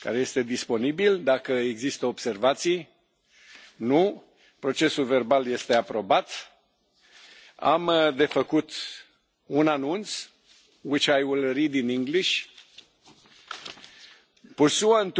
care este disponibil dacă există observații nu procesul verbal este aprobat am uh, de făcut un anunț which i will read in english pursuant